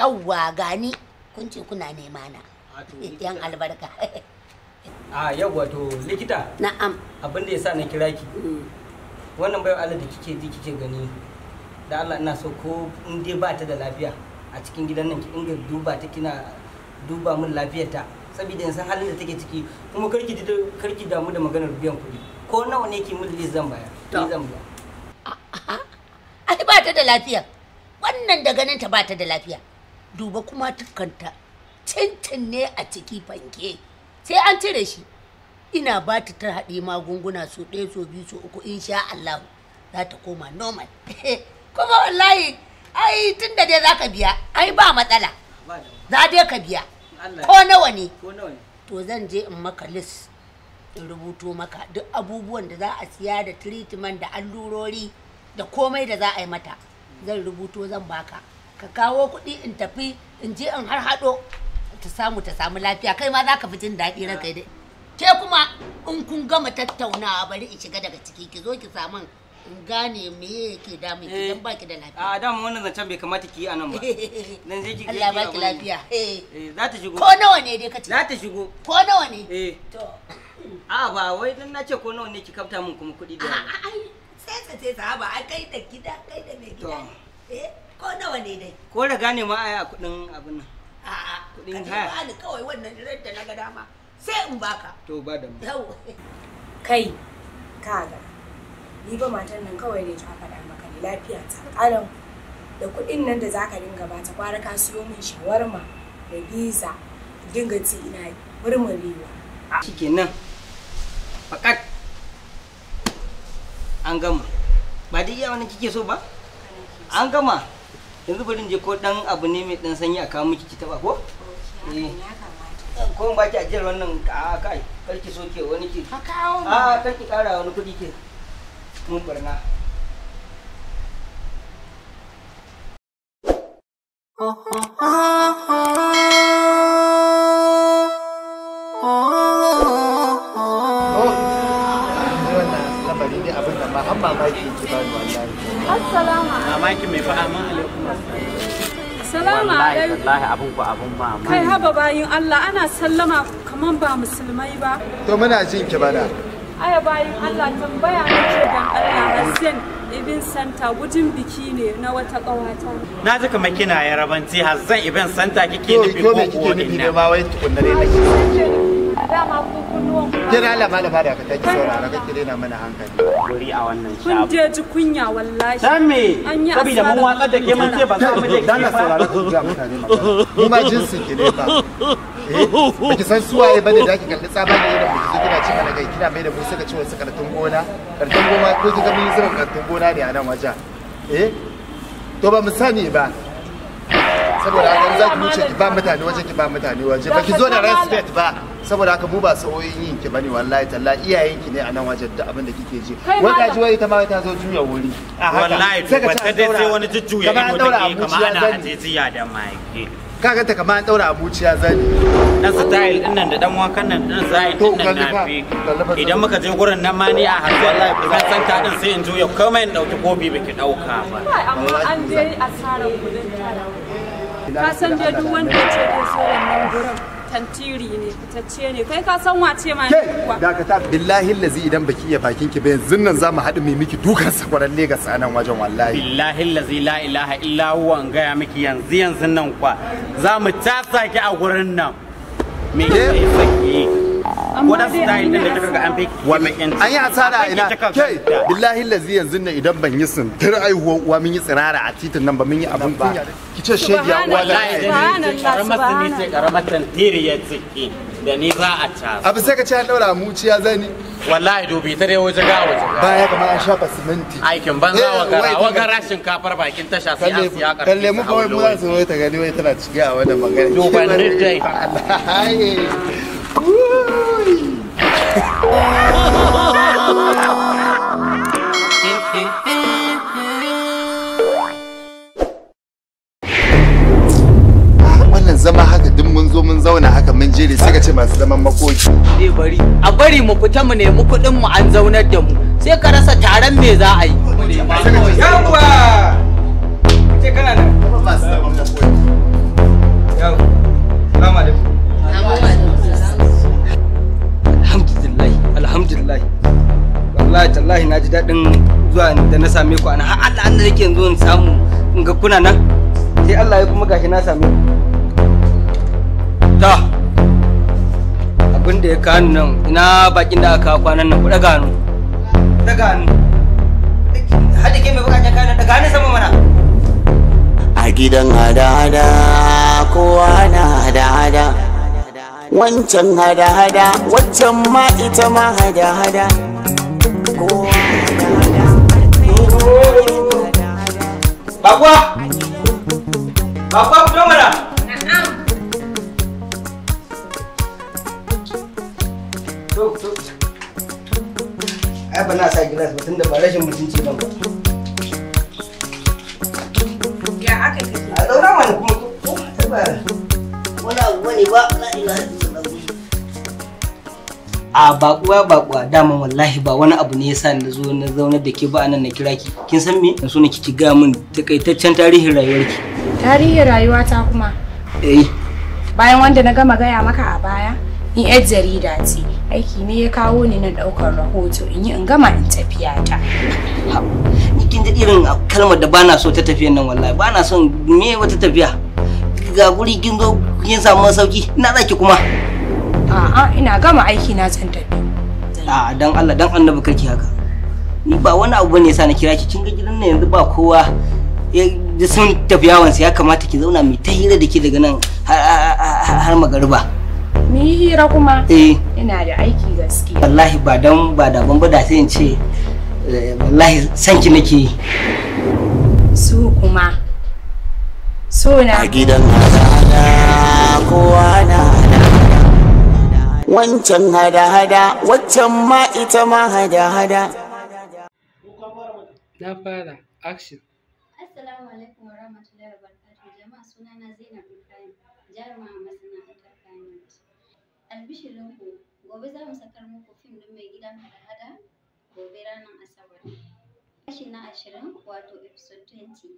yawwa gani kun ce kuna nema na yan albarka a yawwa to likita na'am abin da yasa na kira ki mm. wannan bayan Allah da kike ji kike gani da Allah ina so ko in dai ba ta da lafiya a cikin gidan nan ki inga duba ta kina duba min lafiyarta saboda yanzu halin da take ciki kuma karki karki damu da maganar biyan kuɗi ko nawa ne ki min zan bayar zan bayar ai ba ta da lafiya wannan da ganin ta ba ta da lafiya duba kuma tukanta cincin ne a ciki fanke sai an cire shi ina ba ta ta haɗe magunguna so ɗaya so biyu so uku insha Allah za ta koma normal kuma wallahi ai tun da dai za ka biya ai ba matsala za dai ka biya ko nawa ne to zan je in maka list in rubuto maka duk abubuwan da za a siya da treatment da allurori da komai da za a yi mata zan rubuto zan baka ka kawo kuɗi in tafi in je in har haɗo ta samu ta samu lafiya kai ma za ka fi jin daɗi na kai dai ke kuma in kun gama tattaunawa bari in shiga daga ciki ki zo ki samu in gane me yake damun ki eh. dan ki da lafiya a ah, dama wannan zancen bai kamata ki yi a nan ba nan zai ki Allah ki lafiya eh. eh za ta shigo ko nawa ne dai kace za ta shigo ko nawa ne eh to a ba wai dan nace ko nawa ne ki kafta min kuma kuɗi da ai sai sai sa ba a kai da gida kai ne dai ko da gane ma ai a kudin abin nan a'a kudin ha. ka ni kawai wannan da na ga dama sai in baka to ba da mu kai kaga ni ba matan nan kawai ne ta faɗa maka ne lafiya ta Alam da kuɗin nan da za ka dinga ba ta kwara ka siyo min shawarma da biza dinga ci ina murmurewa. Shikenan fakat an gama ba da iya wani kike so ba an gama yanzu bari je ko dan abu ne mai dan sanyi a kawo miki ki taba ko eh ko ba ki ajiyar wannan a kai karki soke wani ki ka kawo a karki ki kara wani kudi ke mun barna Uh-huh. an mamaki ki ba ni wallahi assalamu alaikum mamaki mai fa'a ma alaikum assalamu alaikum wallahi abun ku abun mamaki kai haba bayin Allah ana sallama kaman ba musulmai ba to muna jin ki bana aya bayin Allah tambaya ce dan Allah Hassan ibin santa gujin biki ne na wata kawata na ji kamar kina yarabanci zan ibin santa kike nufi ko ko ne ma wai tukunna nake dama ku kunnuwan kina la malama da ka take saurara ka kire na mana hankali guri a wannan shago kun je ji kunya wallahi dan me saboda mun watsar da ke mun ce ba za mu je dan saurara ku ga mutane mu ma jinsi ki ne eh, ba eh ki san suwaye bane da ki kalli tsaba ne da ki kina ci mana kai kina mai da mu suka ci wasu kartun gona kartun gona ko ki ga mun yi zuran kartun gona ne a nan wajen eh to ba mu sani ba saboda an za ki wuce ki ba mutane waje ki ba mutane waje ba ki zo da respect ba saboda haka mu ba sauyin yin ki bane wallahi talla iyayen ki ne a nan wajen da abin da kike ji wanda ji wai ta ma ta zo juya wuri wallahi ba ta dai sai wani jujjuya ido take kuma ana ajejiya da mai Ka ganta kamar an daura abuciya zani dan style din nan da dan wakan nan din zai din nan na fi idan muka je gurin nan ma ni a hanzu wallahi ba zan san ta din sai in juya kamar in dauki gobi biki dauka ba amma an je asara kudin eh, ka san je duk wanda ce da so wannan gurin tantiri ne fitacce ne kai ka san wace ma kuwa dakata billahi lazi idan baki iya bakin ki ba yanzu nan zamu haɗu mai miki dukan sakwaran Legas a nan wajen wallahi billahi lazi la ilaha illa huwa an gaya miki yanzu yanzu nan kwa zamu tasa ki a gurin nan me yake saki wannan style din da kaga an fi wannan an yi asara ina kai billahi lazi yanzu ne idan ban yi sun tir aihuwa uwa min yi tsirara a titin nan ba mun yi abun ba. ki ce shegiya uwa da karamar ni ce karamar tiri ya tsiki da ni za a ta abu sai ka ce an daura muciya zani wallahi dubi ta dai waje ga waje baya kamar an shafa siminti aikin banza eh, wa gara wa gara shinkafar bakin tasha sai an siya karfi kalle mu kawai mu za su ta gani wai tana cikin a wannan bangare duban dai masu zaman makoki. Eh bari, a bari mu fita mu nemi kuɗin mu an zaunar da mu. Sai ka rasa taron me za a yi. Yawwa! Ce kana nan? Masu zaman makoki. Yawwa. Salamu alaikum. Alhamdulillah, alhamdulillah. Wallahi tallahi na ji daɗin zuwa da na same ku ana har Allah Allah yake yanzu in samu in ga kuna nan. Sai Allah ya kuma gashi na same ku. Ta. da ya kawo nan ina bakin da aka kwanan nan ku daga hannu daga hannu ke mai bukatan kayan daga hannu sama mana a gidan hada-hada kowa na hada-hada wancan hada-hada wancan ma ita ma hada-hada kowa hada-hada Bakwa! Bakwa, fito mana! sa gilas ba tunda ba rashin mutunci ba. Ya aka yi A zauna mana kuma ko ta ba. Wani abu bane ba na ila a bakuwa bakuwa dama wallahi ba wani abu ne yasa na zo na zauna da ke ba nan na kira ki kin san me na so nake ki ga min takaitaccen tarihin rayuwarki tarihin rayuwata kuma eh bayan wanda na gama gaya maka a baya ni yar jarida ce aiki ne ya kawo ni na daukar rahoto in yi in gama in tafiya ta kin ji irin kalmar da bana so ta tafiyan nan wallahi bana son me wata tafiya ga guri kin zo kin samu sauki ina zaki kuma a'a ina gama aiki na zan tafi a dan Allah dan annabi kake haka ni ba wani abu bane yasa na kira ki kin ga gidan nan yanzu ba kowa sun tafi yawansa ya kamata ki zauna mai ta hira da ke daga nan har magariba Ni hira kuma? Eh. Ina da aiki gaske. Wallahi ba dan ba da ban da sai in ce eh, wallahi san ki nake. Su kuma. So na. A gidan hada kowa na Wancan hada-hada, waccan ma ita ma hada-hada. Na fara, action. Assalamu alaikum Zainab Ibrahim, masana. albishirinku gobe za mu sakar muku fim ɗin mai gidan hada-hada gobe ranar asabar kashi na ashirin wato episode twenty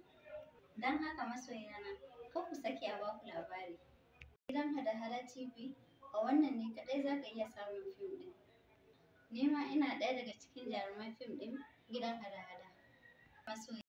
don haka masoyana na kar ku sake a baku labari gidan hada-hada tv a wannan ne kadai za ka iya samun fim ɗin Nema ina ɗaya daga cikin jaruman fim ɗin gidan hada-hada